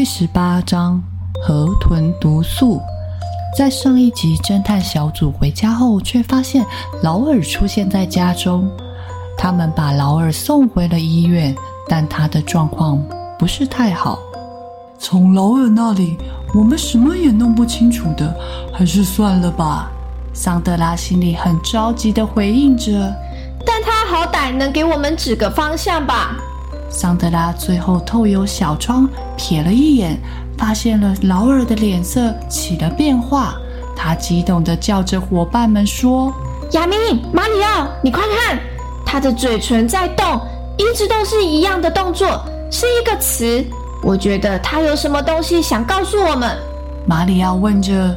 第十八章河豚毒素。在上一集，偵探小組回家後，却發現勞爾出現在家中。他們把勞爾送回了醫院，但他的狀況不是太好。從勞爾那裡，我們什麼也弄不清楚的，還是算了吧。桑德拉心裡很着急地回應着，但他好歹能給我們指個方向吧。桑德拉最後透過小窗瞥了一眼，發現了勞爾的臉色起了變化。他激動地叫着夥伴們說：“雅明，馬里奧，你快看，他的嘴唇在動，一直都是一樣的動作，是一個詞。我覺得他有什麼東西想告訴我們。”馬里奧問着：“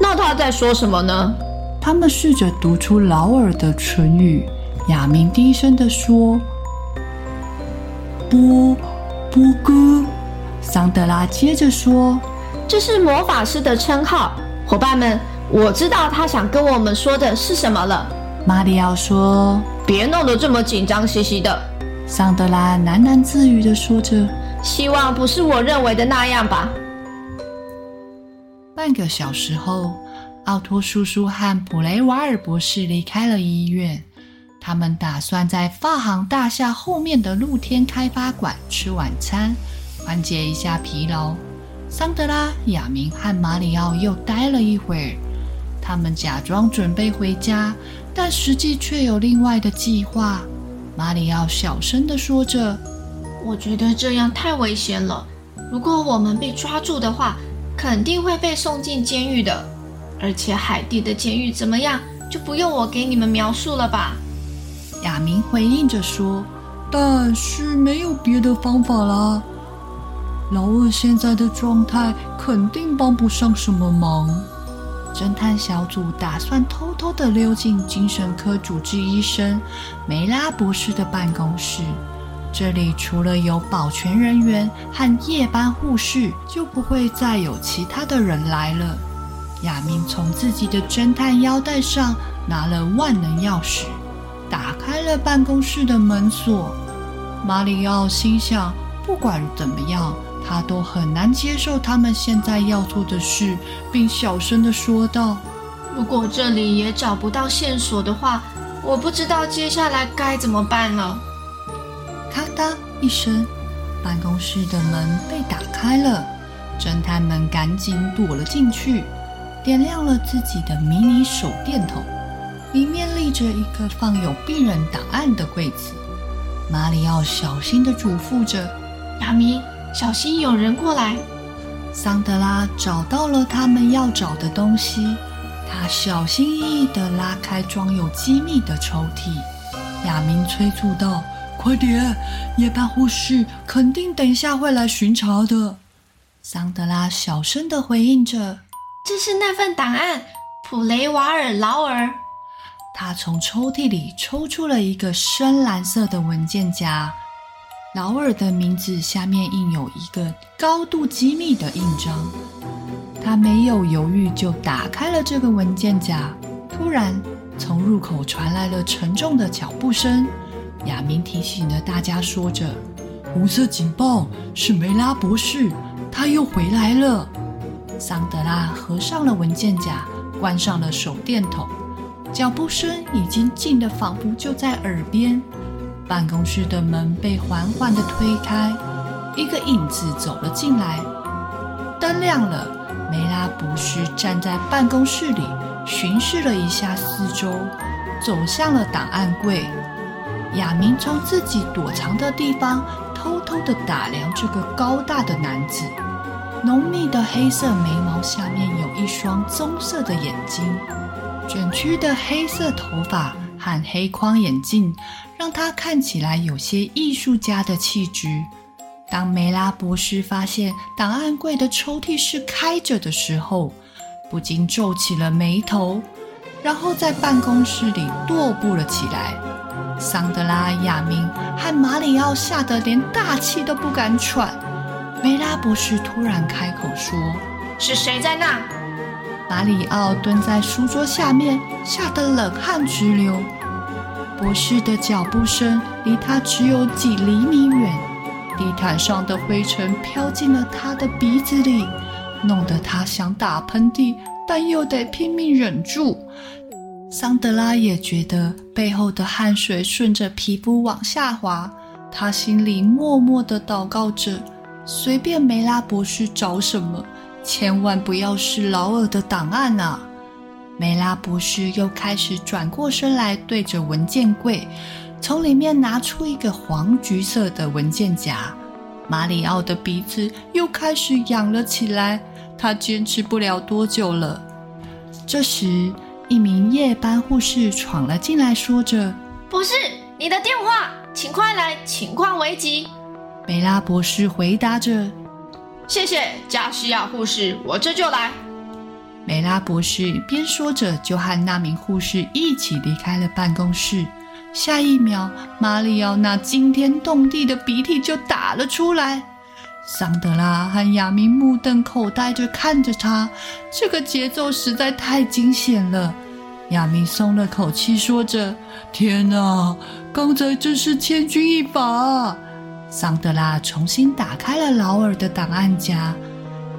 那他在說什麼呢？”他們試着讀出勞爾的唇語。雅明低聲地說。波波哥，桑德拉接着說：“這是魔法師的稱號，夥伴們，我知道他想跟我們說的是什麼了。”馬里奧說：“別弄得這麼緊張兮兮的。”桑德拉喃喃自語的說着：“希望不是我認為的那樣吧。”半個小時後，奧托叔叔和普雷瓦爾博士離開了醫院。他們打算在發行大廈後面的露天開發館吃晚餐，緩解一下疲勞。桑德拉、雅明和馬里奧又待了一會兒。他們假裝準備回家，但實際卻有另外的計劃。馬里奧小聲地說着：“我覺得這樣太危險了。如果我們被抓住的話，肯定會被送進監獄的。而且海地的監獄怎麼樣，就不用我給你們描述了吧。”亞明回應着說：“但是沒有別的方法啦。老二現在的狀態肯定幫不上什麼忙。偵探小組打算偷偷地溜進精神科主治醫生梅拉博士的辦公室。這裡除了有保全人員和夜班護士，就不會再有其他的人來了。”亞明從自己的偵探腰帶上拿了萬能鑰匙。打開了辦公室的門鎖，馬里奧心想：不管怎麼樣，他都很難接受他們現在要做的事，並小聲的說道：“如果這裡也找不到線索的話，我不知道接下來該怎麼辦了。”咔嗒一聲，辦公室的門被打開了，偵探們趕緊躲了進去，點亮了自己的迷你手電筒。裡面立着一個放有病人檔案的櫃子，馬里奧小心地囑咐着：“亞明，小心有人過來。”桑德拉找到了他們要找的東西，他小心翼翼地拉開裝有機密的抽屜。亞明催促道：“快點，夜班護士肯定等一下會來巡查的。”桑德拉小聲地回應着：“這是那份檔案，普雷瓦爾勞爾。”他從抽屜裡抽出了一個深藍色的文件夾，勞爾的名字下面印有一個高度機密的印章。他沒有猶豫就打開了這個文件夾。突然，從入口傳來了沉重的腳步聲。雅明提醒着大家，說着：“紅色警報，是梅拉博士，他又回來了。”桑德拉合上了文件夾，關上了手電筒。腳步聲已經近得仿佛就在耳邊，辦公室的門被緩緩地推開，一個影子走了進來。燈亮了，梅拉博士站在辦公室裡巡視了一下四周，走向了檔案櫃。雅明從自己躲藏的地方偷偷地打量這個高大的男子，濃密的黑色眉毛下面有一雙棕色的眼睛。捲曲的黑色頭髮和黑框眼鏡讓他看起來有些藝術家的氣質。當梅拉博士發現檔案櫃的抽屜是開着的時候，不禁皺起了眉頭，然後在辦公室裡踱步了起來。桑德拉、亞明和馬里奧嚇得連大氣都不敢喘。梅拉博士突然開口說：“是誰在那？”馬里奧蹲在書桌下面，嚇得冷汗直流。博士的腳步聲離他只有幾釐米遠，地毯上的灰塵飄進了他的鼻子裡，弄得他想打噴嚏，但又得拼命忍住。桑德拉也覺得背後的汗水順着皮膚往下滑，他心裡默默的禱告着：隨便梅拉博士找什麼。千萬不要是勞爾的檔案啊！梅拉博士又開始轉過身來，對着文件櫃，從裡面拿出一個黃橘色的文件夾。馬里奧的鼻子又開始癢了起來，他堅持不了多久了。這時，一名夜班護士闖了進來，說着：“博士，你的電話，請快來，情況危急。”梅拉博士回答着。謝謝加西亞護士，我這就來。梅拉博士邊說着就和那名護士一起離開了辦公室。下一秒，瑪里奧那驚天動地的鼻涕就打了出來。桑德拉和亞明目瞪口呆的看着他，這個節奏實在太驚險了。亞明鬆了口氣，說着：“天哪，剛才真是千鈞一髮。”桑德拉重新打開了勞爾的檔案夾，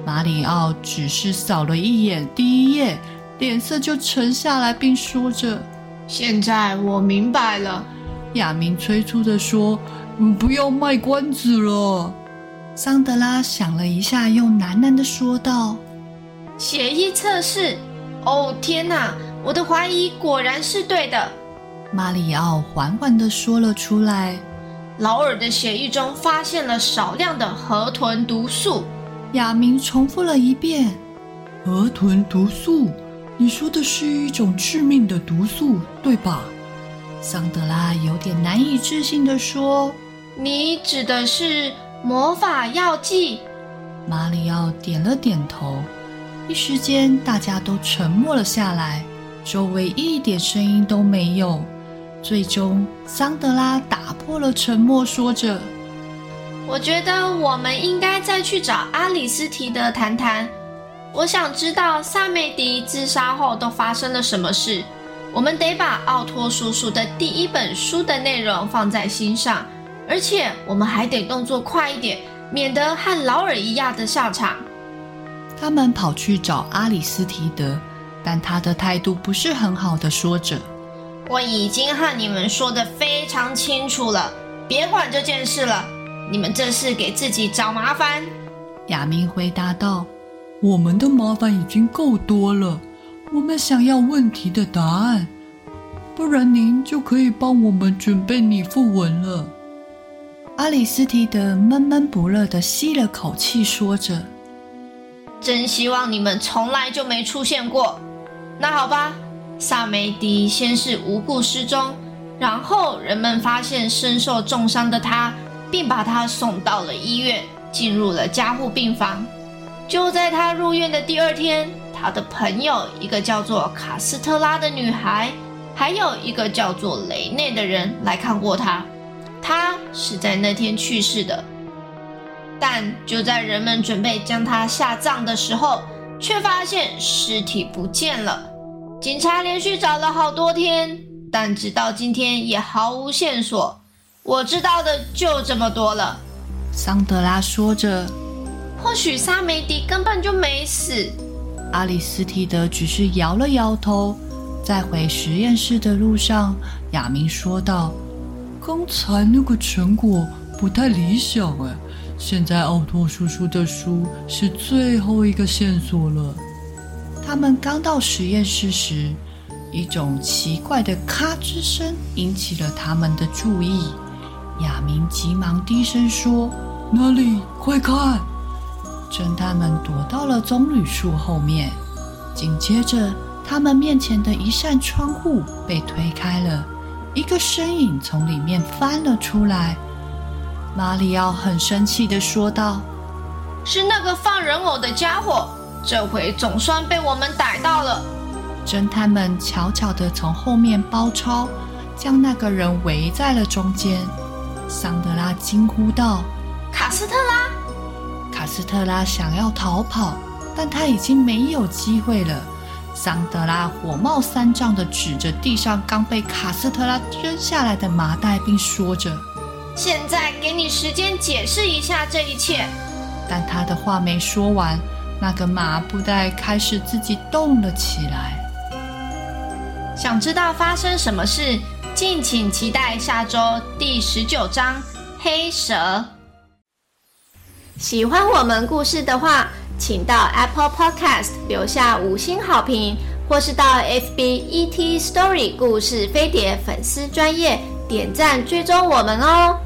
馬里奧只是掃了一眼第一頁，臉色就沉下來，並說着：“現在我明白了。”亞明催促地說：“你不要賣關子了。”桑德拉想了一下，又喃喃地說道：“血液測試……哦，天哪，我的懷疑果然是對的。”馬里奧緩緩地說了出來。勞爾的血液中發現了少量的河豚毒素。雅明重複了一遍：“河豚毒素，你說的是一種致命的毒素，對吧？”桑德拉有點難以置信地說：“你指的是魔法藥劑。”馬里奧點了點頭。一時間，大家都沉默了下來，周圍一點聲音都沒有。最終，桑德拉打破了沉默，說着：“我覺得我們應該再去找阿里斯提德談談。我想知道薩梅迪自殺後都發生了什麼事。我們得把奧托叔叔的第一本書的內容放在心上，而且我們還得動作快一點，免得和勞爾一樣的下場。”他們跑去找阿里斯提德，但他的態度不是很好的說着。我已經和你們說的非常清楚了，別管這件事了。你們這是給自己找麻煩。”亞明回答道，“我們的麻煩已經夠多了，我們想要問題的答案，不然您就可以幫我們準備擬訃文了。”阿里斯提德悶悶不樂地吸了口氣，說着：“真希望你們從來就沒出現過。那好吧。”薩梅迪先是無故失蹤，然後人們發現身受重傷的他，並把他送到了醫院，進入了加護病房。就在他入院的第二天，他的朋友一個叫做卡斯特拉的女孩，還有一個叫做雷內的人來看過他。他是在那天去世的，但就在人們準備將他下葬的時候，卻發現屍體不見了。警察連續找了好多天，但直到今天也毫無線索。我知道的就這麼多了。”桑德拉說着，“或許薩梅迪根本就沒死。”阿里斯提德只是搖了搖頭。在回實驗室的路上，雅明說道：“剛才那個成果不太理想哎，現在奧托叔叔的書是最後一個線索了。”他們剛到實驗室時，一種奇怪的咔吱聲引起了他們的注意。亞明急忙低聲說：“那裡？快看！”偵探們躲到了棕櫚樹後面。緊接着，他們面前的一扇窗戶被推開了，一個身影從裡面翻了出來。馬里奧很生氣地說道：“是那個放人偶的傢伙。”這回總算被我們逮到了！偵探們悄悄的從後面包抄，將那個人圍在了中間。桑德拉驚呼道：“卡斯特拉！”卡斯特拉想要逃跑，但他已經沒有機會了。桑德拉火冒三丈的指着地上剛被卡斯特拉扔下來的麻袋，並說着：“現在給你時間解釋一下這一切。”但他的話沒說完。那個麻布袋開始自己動了起來。想知道發生什麼事？敬請期待下周第十九章《黑蛇》。喜歡我們故事的話，請到 Apple Podcast 留下五星好評，或是到 FBET Story 故事飛碟粉絲專頁點讚追蹤我們哦。